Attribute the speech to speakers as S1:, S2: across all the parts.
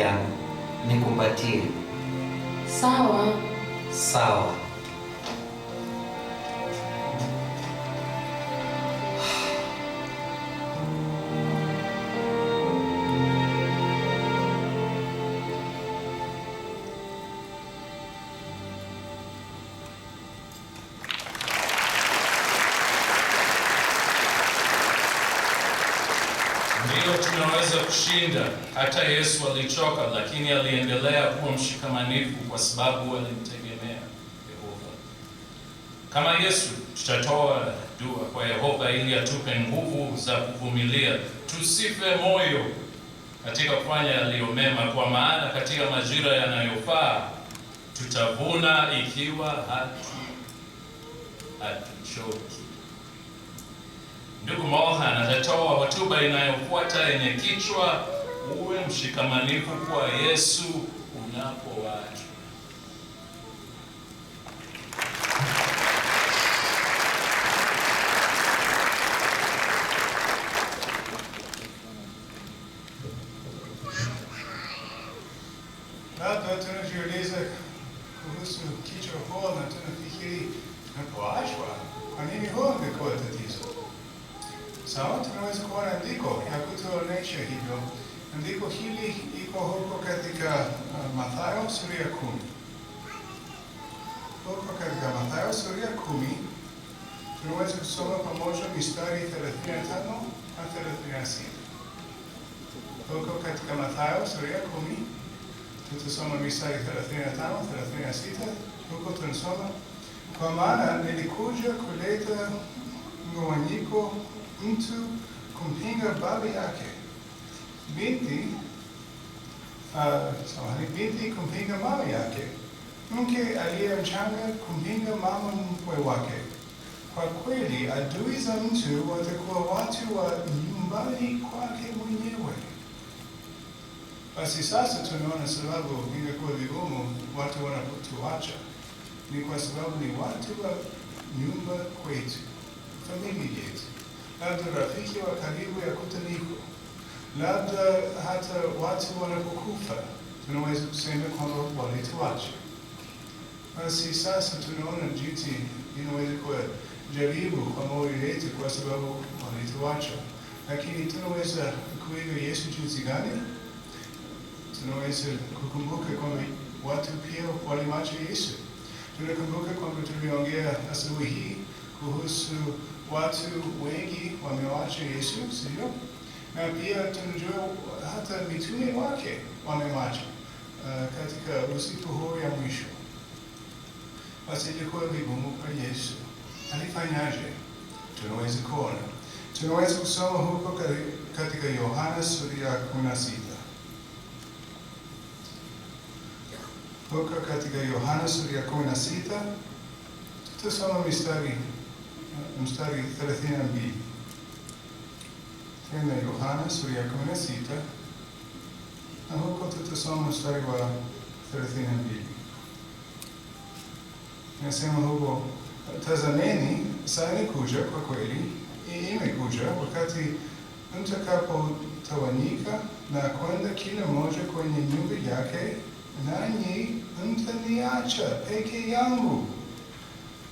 S1: yangu nikumbatie. Sawa sawa.
S2: Ndio tunaweza kushinda. Hata Yesu alichoka, lakini aliendelea kuwa mshikamanifu kwa sababu alimtegemea Yehova. Kama Yesu, tutatoa dua kwa Yehova ili atupe nguvu za kuvumilia, tusife moyo katika kufanya yaliyo mema, kwa maana katika majira yanayofaa tutavuna ikiwa hatu hatuchoki. Ndugu Mohan atatoa hotuba inayofuata yenye kichwa uwe mshikamanifu kwa Yesu
S3: sura ya kumi kutoka katika Mathayo sura ya kumi tunaweza kusoma pamoja mistari 35 na 36. Kutoka katika Mathayo sura ya kumi tutasoma mistari 35, 36. Huko tunasoma kwa maana nilikuja kuleta mgawanyiko, mtu kumpinga baba yake, binti sahari binti kumpinga mama yake. Mke aliye mchanga kumpinga mama mkwe wake. Kwa kweli, adui za mtu watakuwa watu wa nyumbani kwake mwenyewe. Basi sasa tunaona sababu inakuwa vigumu watu wanapotuacha ni kwa sababu ni watu wa nyumba kwetu, familia yetu, labda rafiki wa karibu ya kutaniko labda hata watu wanapokufa tunaweza kusema kwamba walituacha. Basi sasa tunaona jinsi inaweza kuwa jaribu kwa moyo yetu, kwa sababu walituacha, lakini tunaweza kuiga Yesu jinsi gani? Tunaweza kukumbuka kwamba watu pia walimwacha Yesu. Tunakumbuka kwamba tuliongea asubuhi hii kuhusu watu wengi wamewacha Yesu, sio? na pia tunajua hata mitume wake wamemacha uh, e, katika usiku huu ya mwisho. Basi ilikuwa vigumu kwa Yesu. Alifanyaje? Tunaweza kuona, tunaweza kusoma huko katika Yohana sura ya kumi na sita huko katika Yohana sura ya kumi na sita tusoma mstari mstari thelathini na mbili tena Yohana sura ya 16 na huko tutasoma mstari wa 32. Nasema huko, tazameni saa inakuja kwa kweli, imekuja wakati tawanika na kwenda kila mmoja kwenye nyumba yake, nanyi mtaniacha peke yangu,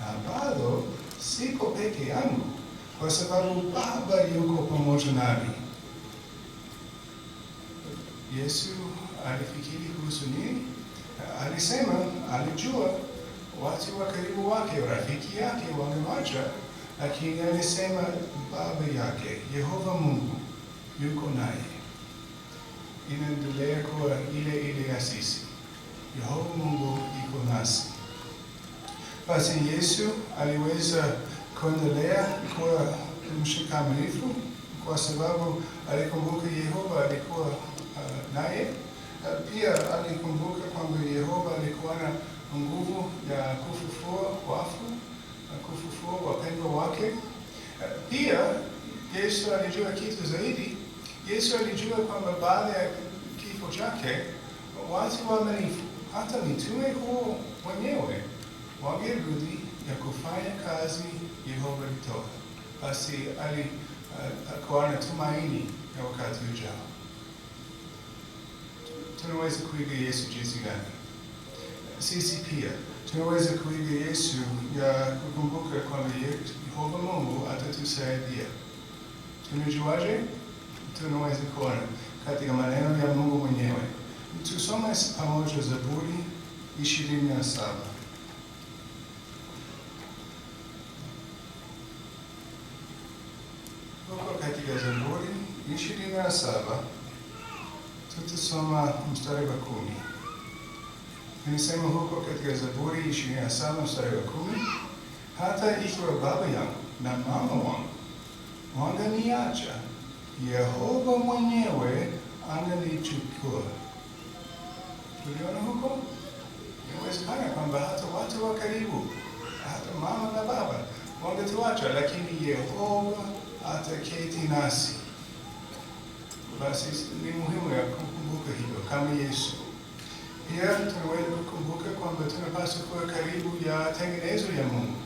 S3: na bado siko peke yangu Você para o Baba e o Kopamojunabi. Yesu alifikiri kuhusu nini? Alisema alijua watu wa karibu wake, rafiki yake aqui lakini alisema baba yake Yehova Mungu yuko naye. Inaendelea kuwa ile ile ya Yehova Mungu Yukonasi. nasi. em Yesu aliweza ko ko ko je je se ali kuendelea kuwa mshikamanifu kwa ko alikumbuka Yehova ali uh, naye. Pia alikumbuka kwamba Yehova alikuwa na nguvu ya kufufua wafu na kufufua wapendwa wake. Pia ali alijua kitu za Idi, zaidi. ali alijua kwamba baada ya kifo chake watu waaminifu, hata Njeve, huo wenyewe Gudi, ya kufanya kazi Yehova alitoa. Basi alikuwa na tumaini ya wakati ujao. Tunaweza kuiga Yesu jinsi gani? Sisi pia tunaweza kuiga Yesu ya kukumbuka kwamba Yehova Mungu atatusaidia. Tunajuaje? Tunaweza kuona katika maneno ya Mungu mwenyewe. Tusome pamoja Zaburi ishirini na saba. ya Zaburi ishirini na saba tutasoma mstari wa kumi. Inasema huko katika Zaburi ishirini na saba mstari wa kumi, hata ikiwa baba yangu na mama wangu wanganiacha, Yehova mwenyewe ananichukua. Tuliona huko inawezekana kwamba hata watu wa karibu, hata mama na baba wangetuacha, lakini Yehova ataketi nasi. Basi ni muhimu ya kukumbuka hilo kama Yesu. Pia tunaweza kukumbuka kwamba tunapaswa kuwa karibu ya tengenezo ya Mungu.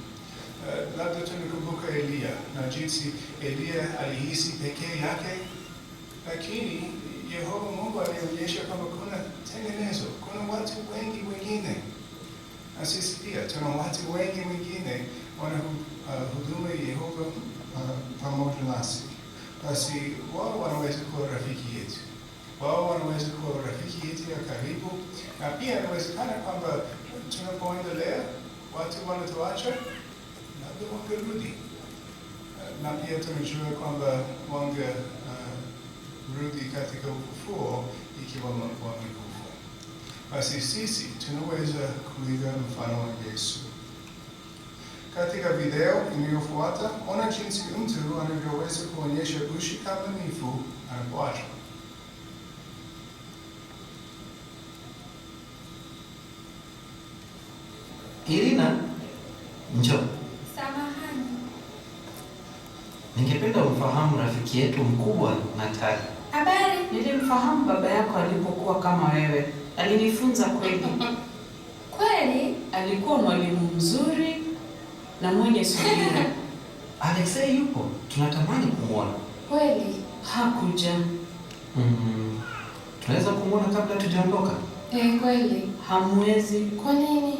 S3: Uh, labda tunakumbuka Eliya na jinsi Eliya alihisi pekee yake, lakini Yehova Mungu alionyesha kwamba kuna tengenezo, kuna watu wengi wengine, na sisi pia tuna watu wengi wengine wanahudumia eh, uh, Yehova tamo prinasi. Kasi wao wanaweza kuwa rafiki yetu, wao wanaweza kuwa rafiki yetu ya karibu, na pia inawezekana kwamba tunapoendelea watu wanatuacha labda wangerudi, na pia tunajua kwamba wange rudi katika ufufuo ikiwa wamekufa. Basi sisi tunaweza kuiga mfano wa Yesu. Katika video iliyofuata, ona jinsi mtu anavyoweza kuonyesha ushikamanifu anapoacha.
S1: Irina, njoo.
S4: Samahani.
S1: Ningependa umfahamu rafiki yetu mkubwa Natali.
S4: Habari.
S5: Nilimfahamu baba yako alipokuwa kama wewe. Alinifunza kweli.
S4: Kweli?
S5: Alikuwa mwalimu mzuri na mwenye subira.
S1: Alexei yupo, tunatamani kumwona.
S4: Kweli
S5: hakuja. Mm,
S1: tunaweza kumwona kabla tujaondoka?
S4: Eh, kweli
S5: hamwezi.
S4: Kwa nini?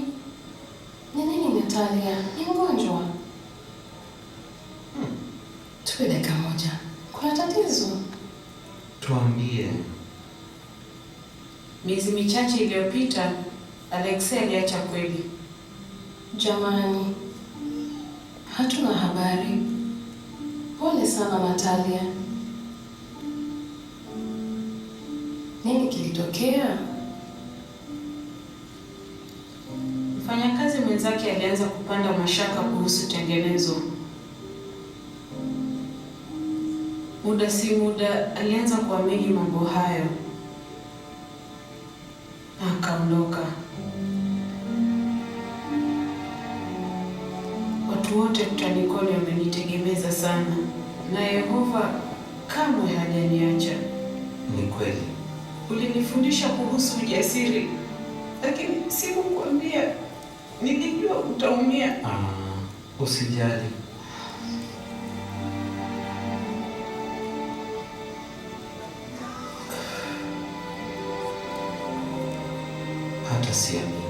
S4: Ni nini Natalia? Ni mgonjwa?
S5: Hmm. Tupe dakika moja,
S4: kuna tatizo.
S1: Tuambie.
S5: Miezi michache iliyopita Alexei aliacha kweli.
S4: Jamani, Hatuna habari. Pole sana Natalia. Nini kilitokea? Mfanyakazi mwenzake alianza kupanda mashaka kuhusu tengenezo. Muda si muda alianza kuamini mambo hayo na akaondoka. watu wote mtanikoni wamenitegemeza sana, na Yehova kamwe hajaniacha. Ni kweli ulinifundisha kuhusu ujasiri, lakini sikukwambia. Nilijua utaumia.
S1: Ah, usijali. Hata siamini.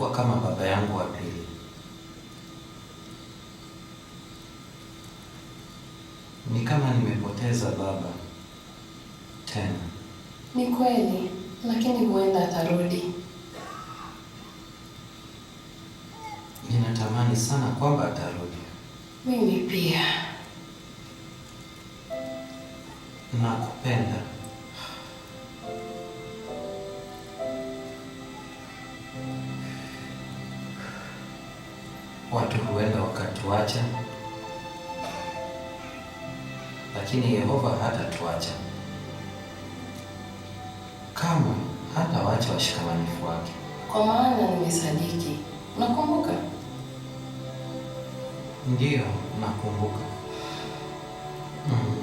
S1: alikuwa kama baba yangu wa pili. Ni kama nimepoteza baba tena.
S4: Ni kweli, lakini huenda atarudi.
S1: Ninatamani sana kwamba atarudi.
S4: Mimi pia
S1: nakupenda. watu huenda wakatuacha, lakini Yehova hatatuacha kama wacha washikamanifu wake,
S4: kwa maana nimesadiki. Unakumbuka?
S1: Ndiyo, nakumbuka. mm.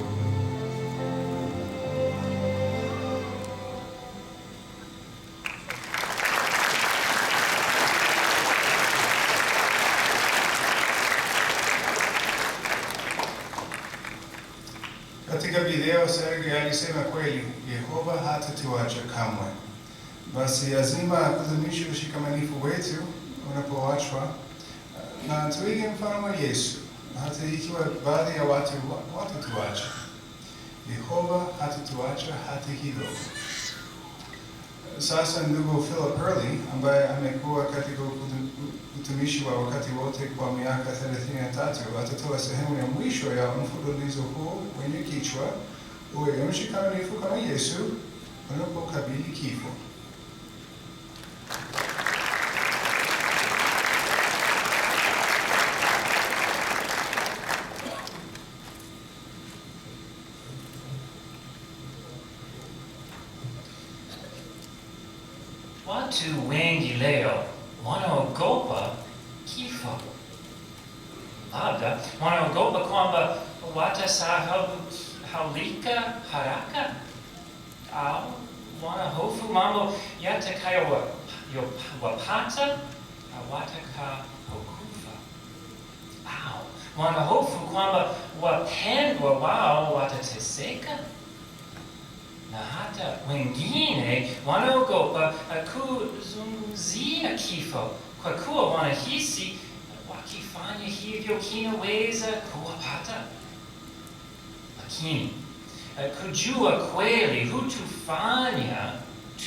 S3: Katika video Serge alisema kweli, Yehova hatatuacha kamwe. Basi lazima kudumisha ushikamanifu wetu unapoachwa na tuige mfano wa Yesu, hata ikiwa baadhi ya watu watatuacha. Yehova hatatuacha hata kidogo sasa ndugu Philip Hurley ambaye amekuwa katika utumishi wa wakati wote kwa miaka 33 atatoa sehemu ya mwisho ya mfululizo huu wenye kichwa uwe mshikamanifu kama Yesu unapokabili kifo.
S6: watu wengi leo wanaogopa kifo, labda wanaogopa kwamba watasahaulika haraka au wanahofu mambo yatakayowapata watakapokufa au wanahofu kwamba wapendwa wao watateseka na hata wengine wanaogopa kuzungumzia kifo kwa kuwa wanahisi wakifanya hivyo kinaweza kuwapata. Lakini eh, kujua kweli hutufanya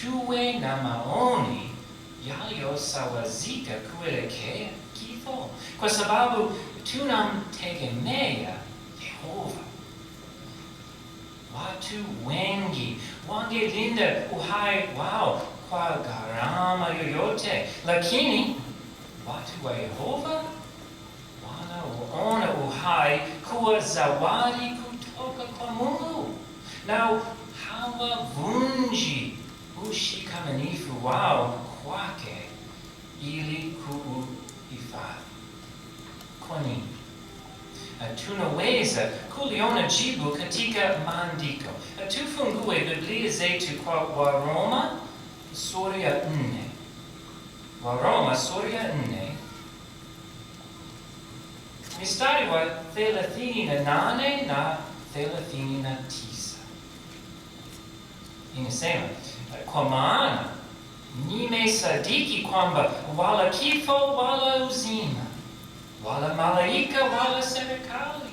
S6: tuwe na maoni yaliyosawazika kuelekea kifo, kwa sababu tunamtegemea Yehova. watu wengi wangelinda uhai wao kwa gharama yoyote, lakini watu wa Yehova wanaona uhai kuwa zawadi kutoka kwa Mungu na hawavunji ushikamanifu wao kwake ili kuuhifadhi. Kwa nini? tunaweza kuliona jibu katika maandiko. Tufungue Biblia zetu kwa Waroma sura ya nne. Waroma sura ya nne mstari wa thelathini na nane na thelathini na tisa inasema, kwa maana nimesadiki kwamba wala kifo wala uzima wala malaika wala serikali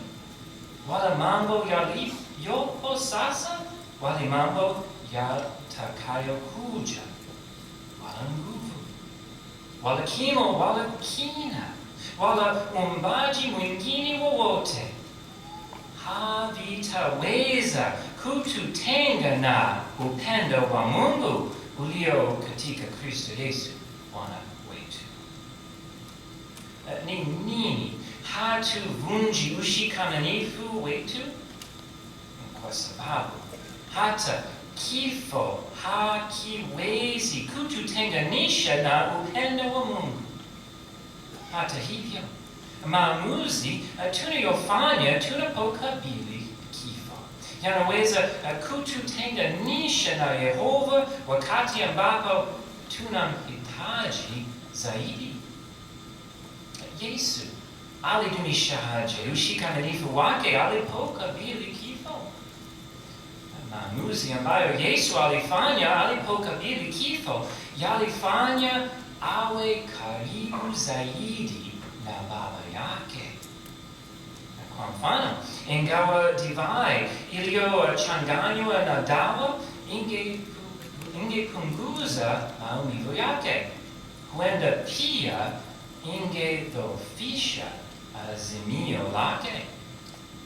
S6: wala mambo yaliyopo sasa wala mambo ya takayo kuja wala nguvu wala kimo wala kina wala umbaji mwingine wowote havitaweza kututenga na upendo wa Mungu ulio katika Kristo Yesu Bwana wetu ni nini? Hatuvunji ushikamavu wetu kwa sababu hata kifo hakiwezi kututenganisha na upendo wa Mungu. Hata hivyo, maamuzi tunayofanya uh, tunapokabili kifo yanaweza uh, kututenganisha na Yehova wakati ambapo tunamhitaji zaidi. Yesu alidumisha haja ushikamanifu wake alipoka bili kifo. Maamuzi ambayo Yesu alifanya alipoka bili kifo yalifanya awe karibu zaidi na Baba yake. Kwa mfano, ingawa divai iliyochanganywa na dawa ingepunguza maumivu yake, huenda pia ingedofisha azimio lake.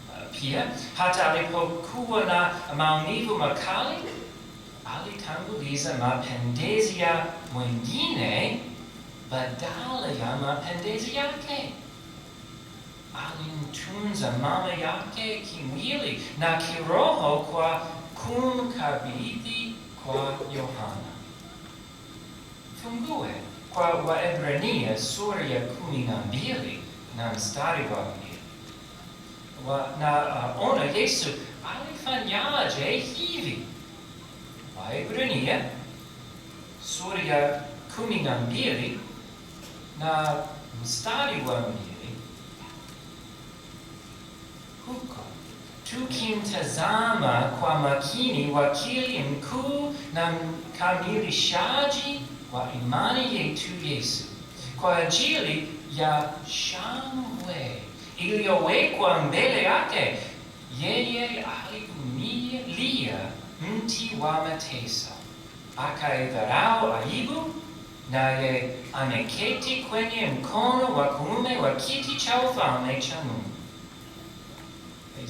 S6: Uh, Pia hata alipokuwa na maumivu makali, alitanguliza ma pendesia mwingine badala ya mapendezi ali Alimtunza mama yake kimwili na kiroho kwa kumkabidhi kwa Yohana. Fungue kwa Waebrania sura ya kumi na mbili na mstari wa pili na uh, ona Yesu alifanyaje hivi. Waebrania sura ya kumi na mbili na mstari wa mbili huko tukimtazama kwa makini wakili mkuu na mkamilishaji wa imani yetu Yesu. Kwa ajili ya shangwe iliyowekwa mbele yake, yeye alivumilia mti wa mateso, akaidharau aibu, naye ameketi kwenye mkono wa kuume wa kiti cha ufalme cha Mungu.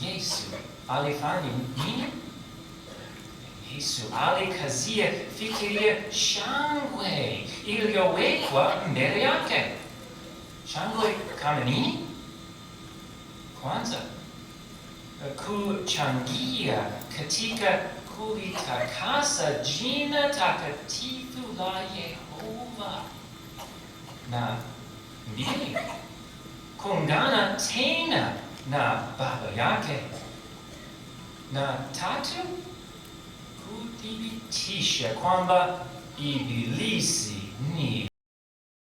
S6: Yesu alifanya nini? Yesu alikazia fikiria shangwe iliyowekwa mbele yake. Shangwe kama nini? Kwanza, kuchangia katika kulitakasa jina takatifu la Yehova, na mbili, kuungana tena na Baba yake, na tatu kuthibitisha kwamba Ibilisi ni